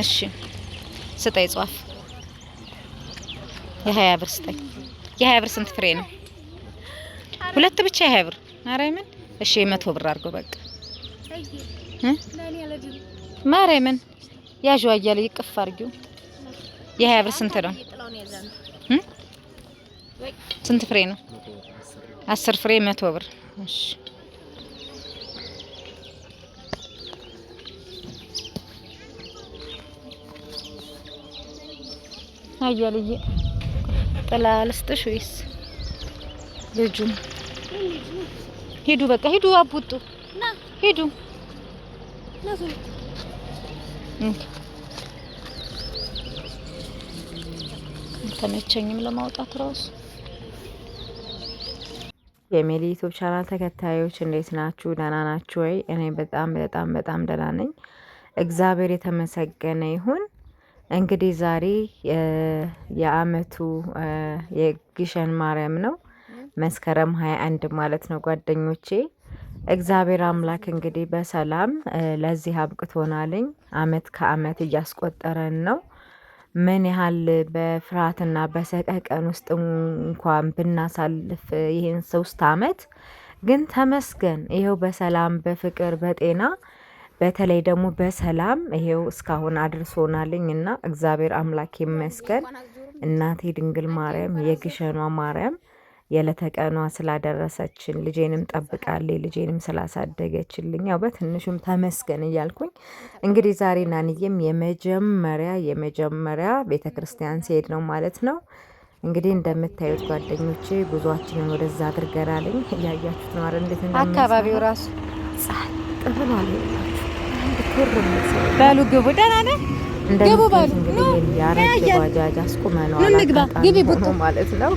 እሺ ስጠኝ ጧፍ የሀያ ብር ስጠኝ። የሀያ ብር ስንት ፍሬ ነው? ሁለት ብቻ የሀያ ብር ማርያምን። እሺ የመቶ ብር አድርገው በቃ ማርያምን ያዥዋ እያለ ይቅፍ አድርጊው። የሀያ ብር ስንት ነው? ስንት ፍሬ ነው? አስር ፍሬ መቶ ብር። እሺ አያልዬ ጥላ ልስጥሽ ወይስ ሂዱ በቃ ሂዱ፣ አቡጡ ሂዱ። ለማውጣት ራሱ የሜሊ ዩቱብ ቻናል ተከታዮች እንዴት ናችሁ? ደህና ናችሁ ወይ? እኔ በጣም በጣም በጣም ደህና ነኝ። እግዚአብሔር የተመሰገነ ይሁን። እንግዲህ ዛሬ የአመቱ የግሸን ማርያም ነው፣ መስከረም አንድ ማለት ነው ጓደኞቼ። እግዚአብሔር አምላክ እንግዲህ በሰላም ለዚህ አብቅቶናልኝ። አመት ከአመት እያስቆጠረን ነው። ምን ያህል በፍርሃትና በሰቀቀን ውስጥ እንኳን ብናሳልፍ ይህን ሶስት አመት ግን ተመስገን ይኸው በሰላም በፍቅር በጤና በተለይ ደግሞ በሰላም ይሄው እስካሁን አድርሶናልኝ እና እግዚአብሔር አምላክ ይመስገን። እናቴ ድንግል ማርያም የግሸኗ ማርያም የለተቀኗ ስላደረሰችን ልጄንም ጠብቃለች፣ ልጄንም ስላሳደገችልኝ ያው በትንሹም ተመስገን እያልኩኝ እንግዲህ ዛሬ ናንዬም የመጀመሪያ የመጀመሪያ ቤተ ክርስቲያን ሲሄድ ነው ማለት ነው። እንግዲህ እንደምታዩት ጓደኞቼ ጉዟችንን ወደዛ አድርገናልኝ። እያያችሁት ነው እንዴት አካባቢው ራሱ ጸጥ ብሏል። በሉ ግቡ። ደህና ነህ? ግቡ በሉ። ባጃጅ አስቁመነዋል። እንግባ ግቢ ቡቱ ማለት ነው።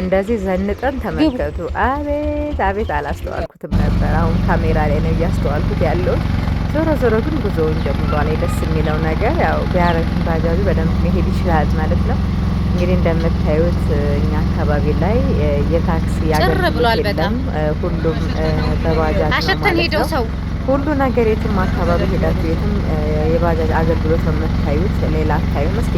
እንደዚህ ዘንጠን ተመልከቱ። አቤት አቤት! አላስተዋልኩትም ነበር። አሁን ካሜራ ላይ ነው እያስተዋልኩት ያለውን። ዞሮ ዞሮ ግን ጉዞውን ጀምሯል። ደስ የሚለው ነገር ያው ቢያረግም ባጃጁ በደንብ መሄድ ይችላል ማለት ነው። እንግዲህ እንደምታዩት እኛ አካባቢ ላይ የታክሲ ያገር ብሏል። በጣም ሁሉም በባጃጅ አሸተን ሄደው ሰው ሁሉ ነገር የትም አካባቢ ሄዳችሁ የትም የባጃጅ አገልግሎት ነው የምታዩት፣ ሌላ አታዩም። እስኪ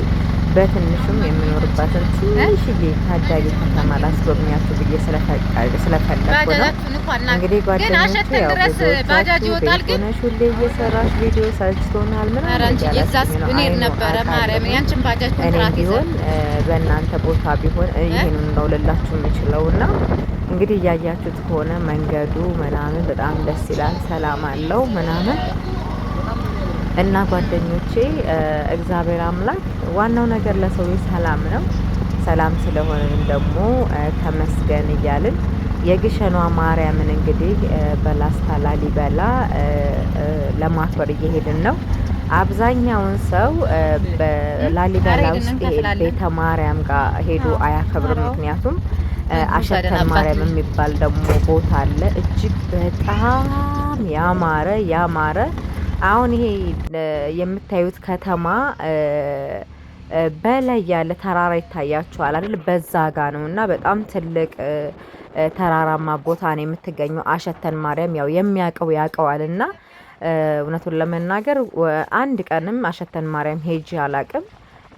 በትንሹም የምኖርባትን ትንሽዬ ታዳጊ ከተማ ላስጎብኛችሁ ብዬ ስለፈቀድ ስለፈለኩ ነው። እንግዲህ ጓደኞቹ ያው ባጃጅ ይወጣል፣ ግን ሁሌ እየሰራሽ ቪዲዮ ሰልችቶናል ምናምን እያላችሁ ነው። እኔም ቢሆን በእናንተ ቦታ ቢሆን ይህን ነው ልላችሁ የምችለው እና እንግዲህ እያያችሁት ከሆነ መንገዱ ምናምን በጣም ደስ ይላል፣ ሰላም አለው ምናምን እና ጓደኞቼ እግዚአብሔር አምላክ ዋናው ነገር ለሰው ሰላም ነው። ሰላም ስለሆነንም ደግሞ ተመስገን እያልን የግሸኗ ማርያምን እንግዲህ በላስታ ላሊበላ ለማክበር እየሄድን ነው። አብዛኛውን ሰው በላሊበላ ውስጥ ቤተ ማርያም ጋር ሄዱ አያከብርም። ምክንያቱም አሸተን ማርያም የሚባል ደግሞ ቦታ አለ እጅግ በጣም ያማረ ያማረ አሁን ይሄ የምታዩት ከተማ በላይ ያለ ተራራ ይታያችኋል አይደል? በዛ ጋ ነው እና በጣም ትልቅ ተራራማ ቦታ ነው የምትገኘው አሸተን ማርያም። ያው የሚያውቀው ያውቀዋል እና እውነቱን ለመናገር አንድ ቀንም አሸተን ማርያም ሄጂ አላቅም።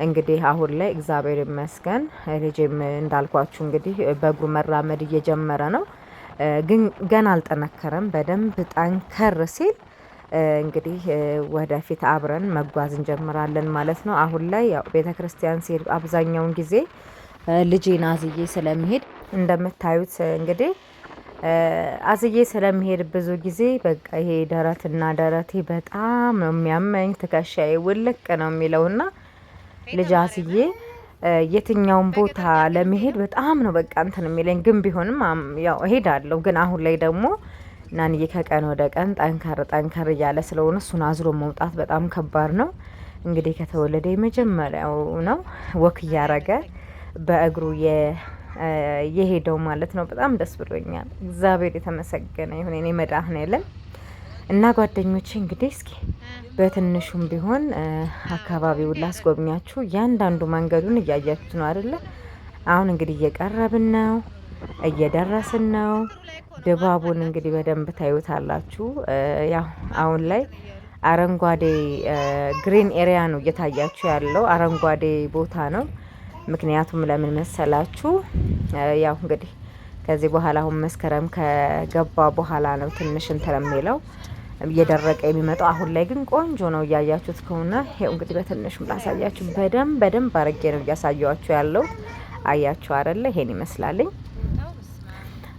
እንግዲህ አሁን ላይ እግዚአብሔር ይመስገን ልጄም እንዳልኳችሁ እንግዲህ በእግሩ መራመድ እየጀመረ ነው። ግን ገና አልጠነከረም። በደንብ ጠንከር ሲል እንግዲህ ወደፊት አብረን መጓዝ እንጀምራለን ማለት ነው። አሁን ላይ ያው ቤተ ክርስቲያን ሲሄድ አብዛኛውን ጊዜ ልጄን አዝዬ ስለሚሄድ እንደምታዩት እንግዲህ አዝዬ ስለሚሄድ ብዙ ጊዜ በቃ ይሄ ደረትና ደረቴ በጣም ነው የሚያመኝ፣ ትከሻዬ ውልቅ ነው የሚለውና ልጅ አዝዬ የትኛውን ቦታ ለመሄድ በጣም ነው በቃ እንትን የሚለኝ። ግን ቢሆንም ያው እሄዳለሁ። ግን አሁን ላይ ደግሞ ናንዬ ከቀን ወደ ቀን ጠንከር ጠንከር እያለ ስለሆነ እሱን አዝሎ መውጣት በጣም ከባድ ነው። እንግዲህ ከተወለደ የመጀመሪያው ነው ወክ እያረገ በእግሩ የሄደው ማለት ነው። በጣም ደስ ብሎኛል። እግዚአብሔር የተመሰገነ ይሁን የኔ መድኃኔዓለም እና ጓደኞቼ እንግዲህ እስኪ በትንሹም ቢሆን አካባቢውን ላስጎብኛችሁ። እያንዳንዱ መንገዱን እያያችሁ ነው አይደለ? አሁን እንግዲህ እየቀረብን ነው። እየደረስን ነው። ድባቡን እንግዲህ በደንብ ታዩታላችሁ። ያው አሁን ላይ አረንጓዴ ግሪን ኤሪያ ነው እየታያችሁ ያለው አረንጓዴ ቦታ ነው። ምክንያቱም ለምን መሰላችሁ? ያው እንግዲህ ከዚህ በኋላ አሁን መስከረም ከገባ በኋላ ነው ትንሽ እንትን የሚለው እየደረቀ የሚመጣው። አሁን ላይ ግን ቆንጆ ነው እያያችሁት ከሆነ ይሄው እንግዲህ በትንሹም ላሳያችሁ። በደንብ በደንብ አድርጌ ነው እያሳየዋችሁ ያለው። አያችሁ አይደለ? ይሄን ይመስላልኝ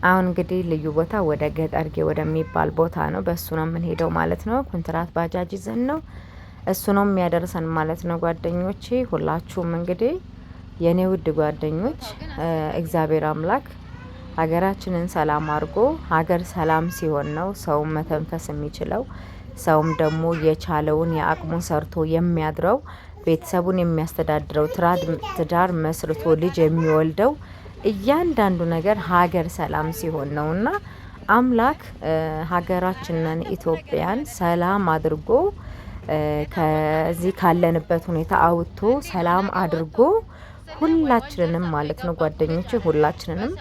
አሁን እንግዲህ ልዩ ቦታ ወደ ገጠርጌ ወደሚባል ቦታ ነው። በእሱ ነው የምንሄደው ማለት ነው። ኩንትራት ባጃጅ ይዘን ነው እሱ ነው የሚያደርሰን ማለት ነው። ጓደኞቼ ሁላችሁም እንግዲህ የእኔ ውድ ጓደኞች እግዚአብሔር አምላክ ሀገራችንን ሰላም አድርጎ ሀገር ሰላም ሲሆን ነው ሰውም መተንፈስ የሚችለው ሰውም ደግሞ የቻለውን የአቅሙን ሰርቶ የሚያድረው ቤተሰቡን የሚያስተዳድረው ትዳር መስርቶ ልጅ የሚወልደው እያንዳንዱ ነገር ሀገር ሰላም ሲሆን ነው እና አምላክ ሀገራችንን ኢትዮጵያን ሰላም አድርጎ ከዚህ ካለንበት ሁኔታ አውጥቶ ሰላም አድርጎ ሁላችንንም ማለት ነው ጓደኞች ሁላችንንም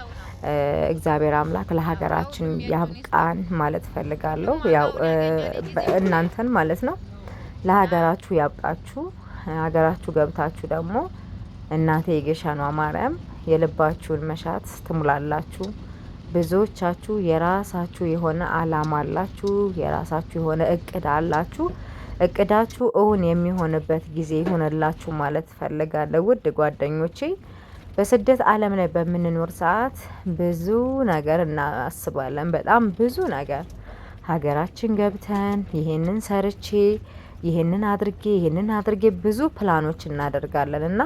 እግዚአብሔር አምላክ ለሀገራችን ያብቃን ማለት ፈልጋለሁ። ያው እናንተን ማለት ነው ለሀገራችሁ ያብቃችሁ። ሀገራችሁ ገብታችሁ ደግሞ እናቴ የጌሻኗ ማርያም የልባችሁን መሻት ትሙላላችሁ። ብዙዎቻችሁ የራሳችሁ የሆነ አላማ አላችሁ፣ የራሳችሁ የሆነ እቅድ አላችሁ። እቅዳችሁ እውን የሚሆንበት ጊዜ ይሆንላችሁ ማለት ፈልጋለሁ ውድ ጓደኞቼ። በስደት ዓለም ላይ በምንኖር ሰዓት ብዙ ነገር እናስባለን። በጣም ብዙ ነገር ሀገራችን ገብተን ይሄንን ሰርቼ ይሄንን አድርጌ ይሄንን አድርጌ ብዙ ፕላኖች እናደርጋለን እና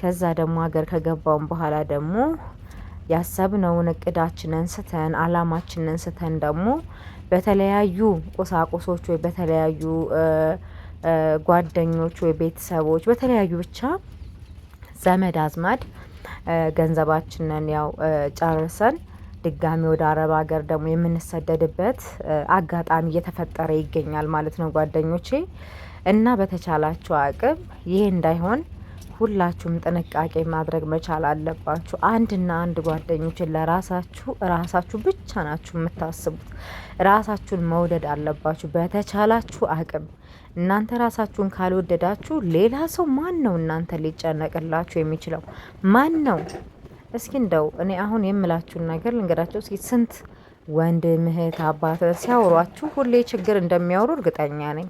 ከዛ ደግሞ ሀገር ከገባውን በኋላ ደግሞ ያሰብነውን እቅዳችንን ስተን አላማችንን ስተን ደግሞ በተለያዩ ቁሳቁሶች ወይ በተለያዩ ጓደኞች ወይ ቤተሰቦች በተለያዩ ብቻ ዘመድ አዝማድ ገንዘባችንን ያው ጨርሰን ድጋሚ ወደ አረብ ሀገር ደግሞ የምንሰደድበት አጋጣሚ እየተፈጠረ ይገኛል ማለት ነው ጓደኞቼ። እና በተቻላቸው አቅም ይሄ እንዳይሆን ሁላችሁም ጥንቃቄ ማድረግ መቻል አለባችሁ። አንድና አንድ ጓደኞችን ለራሳችሁ ራሳችሁ ብቻ ናችሁ የምታስቡት። ራሳችሁን መውደድ አለባችሁ በተቻላችሁ አቅም። እናንተ ራሳችሁን ካልወደዳችሁ ሌላ ሰው ማን ነው እናንተ ሊጨነቅላችሁ የሚችለው? ማን ነው? እስኪ እንደው እኔ አሁን የምላችሁን ነገር ልንገራቸው እስኪ። ስንት ወንድም እህት፣ አባት ሲያወሯችሁ ሁሌ ችግር እንደሚያወሩ እርግጠኛ ነኝ።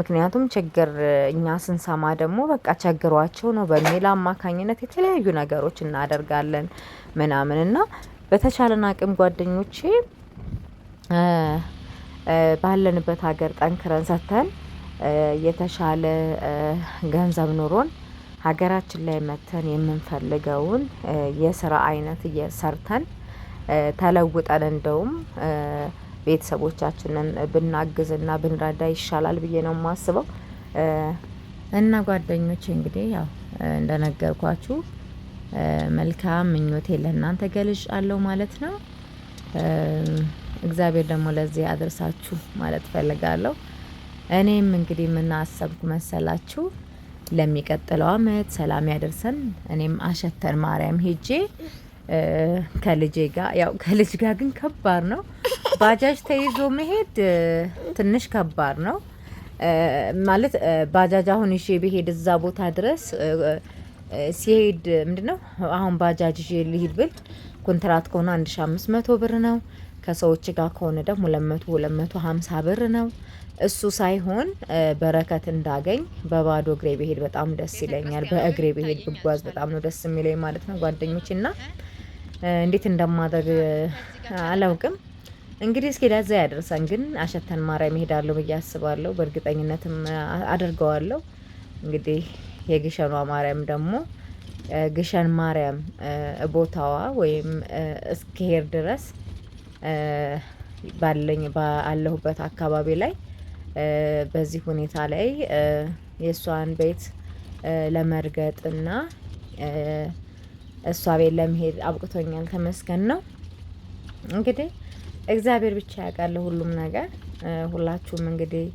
ምክንያቱም ችግር እኛ ስንሰማ ደግሞ በቃ ቸግሯቸው ነው በሚል አማካኝነት የተለያዩ ነገሮች እናደርጋለን ምናምን እና በተቻለን አቅም ጓደኞቼ ባለንበት ሀገር ጠንክረን ሰተን የተሻለ ገንዘብ ኑሮን ሀገራችን ላይ መተን የምንፈልገውን የስራ አይነት እየሰርተን ተለውጠን እንደውም ቤተሰቦቻችንን ብናግዝና ብንረዳ ይሻላል ብዬ ነው የማስበው። እና ጓደኞቼ እንግዲህ ያው እንደነገርኳችሁ መልካም ምኞቴ ለእናንተ ገልጭ አለው ማለት ነው። እግዚአብሔር ደግሞ ለዚህ አድርሳችሁ ማለት ፈልጋለሁ። እኔም እንግዲህ የምናሰብኩ መሰላችሁ ለሚቀጥለው አመት ሰላም ያደርሰን። እኔም አሸተን ማርያም ሄጄ ከልጄ ጋር ያው ከልጅ ጋር ግን ከባድ ነው። ባጃጅ ተይዞ መሄድ ትንሽ ከባድ ነው ማለት ባጃጅ አሁን ይዤ ብሄድ እዛ ቦታ ድረስ ሲሄድ ምንድነው ነው አሁን ባጃጅ ይዤ ልሂድ ብል ኮንትራት ከሆነ አንድ ሺ አምስት መቶ ብር ነው። ከሰዎች ጋር ከሆነ ደግሞ ሁለት መቶ ሁለት መቶ ሀምሳ ብር ነው። እሱ ሳይሆን በረከት እንዳገኝ በባዶ እግሬ ብሄድ በጣም ደስ ይለኛል። በእግሬ ብሄድ ብጓዝ በጣም ነው ደስ የሚለኝ ማለት ነው ጓደኞች እና እንዴት እንደማደርግ አላውቅም። እንግዲህ እስኪ ለዛ ያደርሰን። ግን አሸተን ማርያም ይሄዳለሁ ብዬ አስባለሁ፣ በእርግጠኝነትም አድርገዋለሁ። እንግዲህ የግሸኗ ማርያም ደግሞ ግሸን ማርያም ቦታዋ ወይም እስክሄድ ድረስ ባለኝ ባለሁበት አካባቢ ላይ በዚህ ሁኔታ ላይ የእሷን ቤት ለመርገጥና እሷ ቤት ለመሄድ አብቅቶኛል። ተመስገን ነው እንግዲህ እግዚአብሔር ብቻ ያውቃል ሁሉም ነገር። ሁላችሁም እንግዲህ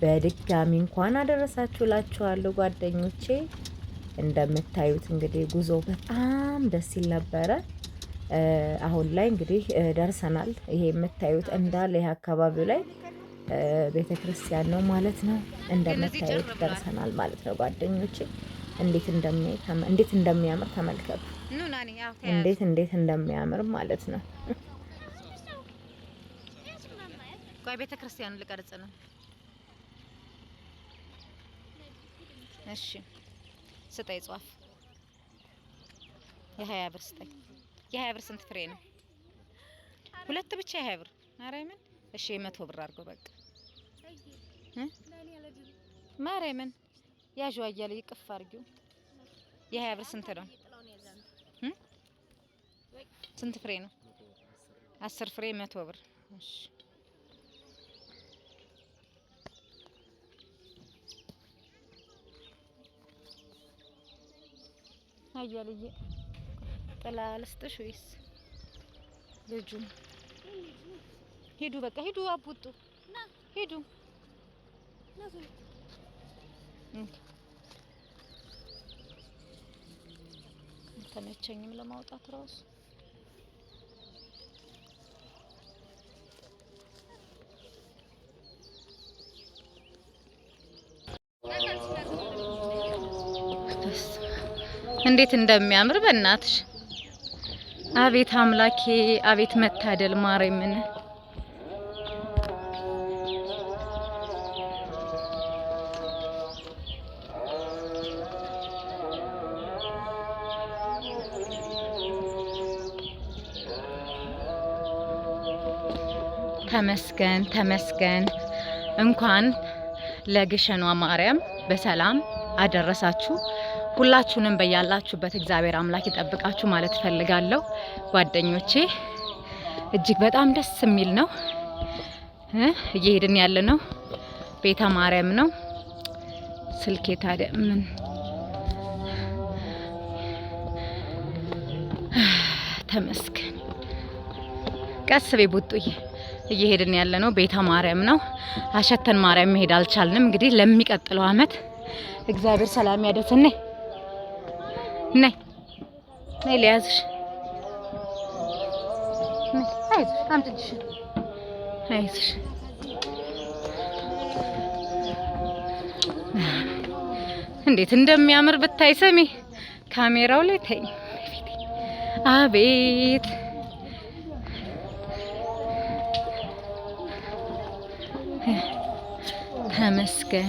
በድጋሚ እንኳን አደረሳችሁ ላችኋለሁ ጓደኞቼ። እንደምታዩት እንግዲህ ጉዞ በጣም ደስ ይል ነበረ። አሁን ላይ እንግዲህ ደርሰናል። ይሄ የምታዩት እንዳለ ይህ አካባቢው ላይ ቤተ ክርስቲያን ነው ማለት ነው። እንደምታዩት ደርሰናል ማለት ነው ጓደኞቼ። እንዴት እንደሚያምር ተመልከቱ። እንዴት እንዴት እንደሚያምር ማለት ነው። ቆይ ቤተ ክርስቲያኑ ልቀርጽ ነው። እሺ ስጠይ ጧፍ የሀያ ብር ስጠይ። የሀያ ብር ስንት ፍሬ ነው? ሁለት ብቻ የሀያ ብር ማርያምን። እሺ የመቶ ብር አድርገው በቃ ማርያምን ያዥዋ እያለ ይቅፍ አድርጊው። የሀያ ብር ስንት ነው? ስንት ፍሬ ነው? አስር ፍሬ መቶ ብር። እሺ አያልዬ ጥላ ልስጥሽ ወይስ ልጁም? ሂዱ በቃ ሂዱ፣ አቡጡ ሂዱ። አልተመቸኝም ለማውጣት ራሱ። እንዴት እንደሚያምር በእናትሽ! አቤት አምላኬ፣ አቤት መታደል ማርያምን ተመስገን ተመስገን። እንኳን ለግሸኗ ማርያም በሰላም አደረሳችሁ። ሁላችሁንም በያላችሁበት እግዚአብሔር አምላክ ይጠብቃችሁ ማለት እፈልጋለሁ ጓደኞቼ። እጅግ በጣም ደስ የሚል ነው እየሄድን ያለ ነው። ቤተ ማርያም ነው። ስልኬ ታዲያ ምን ተመስገን። ቀስ ቤ ቡጡዬ እየሄድን ያለ ነው። ቤተ ማርያም ነው። አሸተን ማርያም መሄድ አልቻልንም። እንግዲህ ለሚቀጥለው አመት እግዚአብሔር ሰላም ያደርሰን። ነይ ነይ ሊያዝሽ እንዴት እንደሚያምር ብታይ ስሚ። ካሜራው ላይ ተኝ። አቤት ተመስገን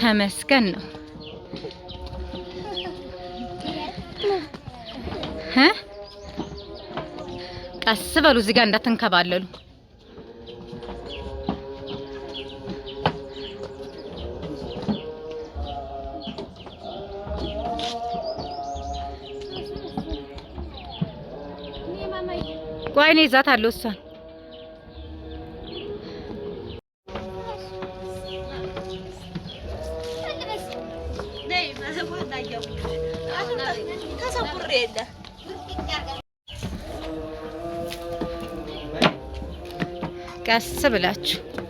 ተመስገን ነው። ቀስ በሉ እዚህ ጋር እንዳትንከባለሉ። ቆይ እኔ ይዛት አለው እሷን ተሰውሬ የለ ቀስ ብላችሁ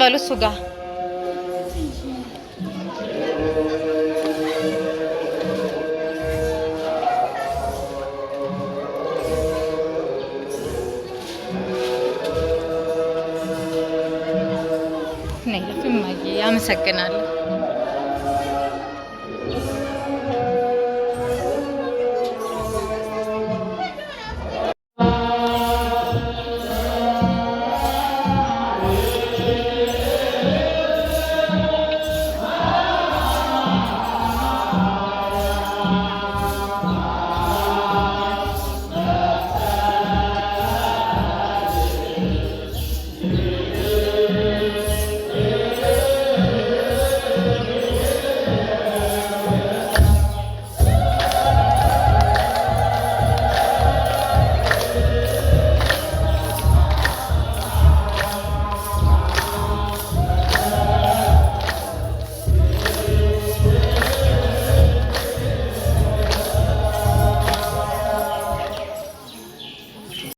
በሉ እሱ ጋር ያመሰግናለሁ።